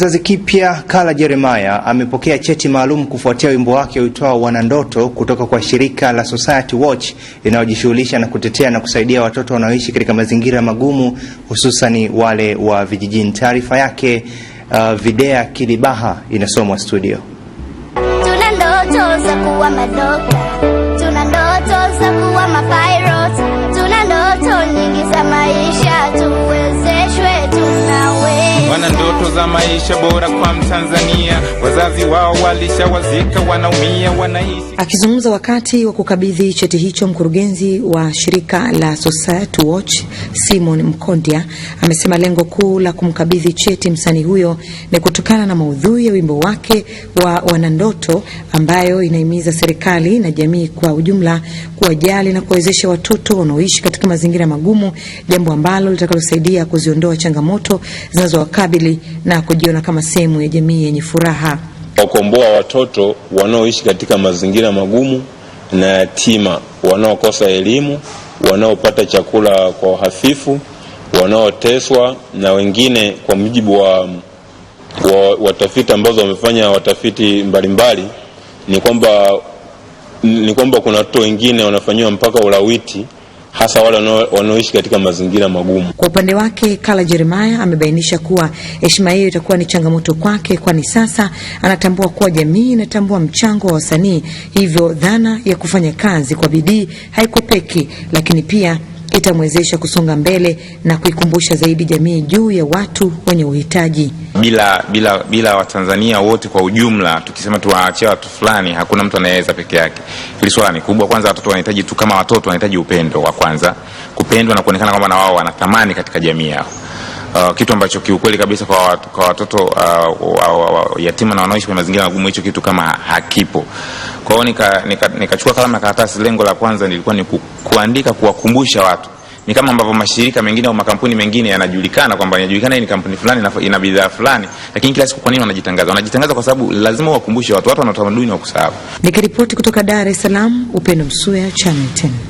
Kizazi kipya Kala Jeremiah amepokea cheti maalum kufuatia wimbo wake uitwao Wanandoto kutoka kwa shirika la Society Watch linalojishughulisha na kutetea na kusaidia watoto wanaoishi katika mazingira magumu hususani wale wa vijijini. Taarifa yake uh, Videa Kilibaha inasomwa studio. Tuna ndoto za kuwa madoka. Tuna ndoto za kuwa ndoto za maisha bora kwa Mtanzania, wazazi wao walishawazika, wanaumia, wanaishi. Akizungumza wakati wa kukabidhi cheti hicho, mkurugenzi wa shirika la Society Watch Simon Mkondia amesema lengo kuu la kumkabidhi cheti msanii huyo ni kutokana na maudhui ya wimbo wake wa Wanandoto ambayo inahimiza serikali na jamii kwa ujumla kuwajali na kuwawezesha watoto wanaoishi katika mazingira magumu, jambo ambalo litakalosaidia kuziondoa changamoto zinazowakabili na kujiona kama sehemu ya jamii yenye furaha. Wakomboa watoto wanaoishi katika mazingira magumu na yatima, wanaokosa elimu, wanaopata chakula kwa uhafifu, wanaoteswa na wengine. Kwa mujibu wa, wa watafiti ambazo wamefanya watafiti mbalimbali, ni kwamba ni kwamba kuna watoto wengine wanafanyiwa mpaka ulawiti hasa wale wanaoishi katika mazingira magumu. Kwa upande wake, Kala jeremaya amebainisha kuwa heshima hiyo itakuwa ni changamoto kwake, kwani sasa anatambua kuwa jamii inatambua mchango wa wasanii, hivyo dhana ya kufanya kazi kwa bidii haikopeki, lakini pia itamwezesha kusonga mbele na kuikumbusha zaidi jamii juu ya watu wenye uhitaji. Bila, bila, bila Watanzania wote kwa ujumla tukisema tuwaachia watu fulani, hakuna mtu anayeweza peke yake. Hili swala ni kubwa. Kwanza watoto wanahitaji tu, kama watoto wanahitaji upendo wa kwanza, kupendwa na kuonekana kwamba na wao wana thamani katika jamii yao uh, kitu ambacho kiukweli kabisa kwa, wat, kwa watoto uh, wa, wa, wa, yatima na wanaoishi kwenye mazingira magumu, hicho kitu kama hakipo. Kwa hiyo nikachukua nika, nika kalamu na karatasi. Lengo la kwanza nilikuwa ni kuandika, kuwakumbusha watu ni kama ambavyo mashirika mengine au makampuni mengine yanajulikana kwamba yanajulikana hii ni kampuni fulani ina bidhaa fulani, lakini kila siku kwa nini wanajitangaza? Wanajitangaza kwa sababu lazima wakumbushe watu, watu wana utamaduni wa kusahau. Nikiripoti kutoka Dar es Salaam, Upendo Msuya, Channel 10.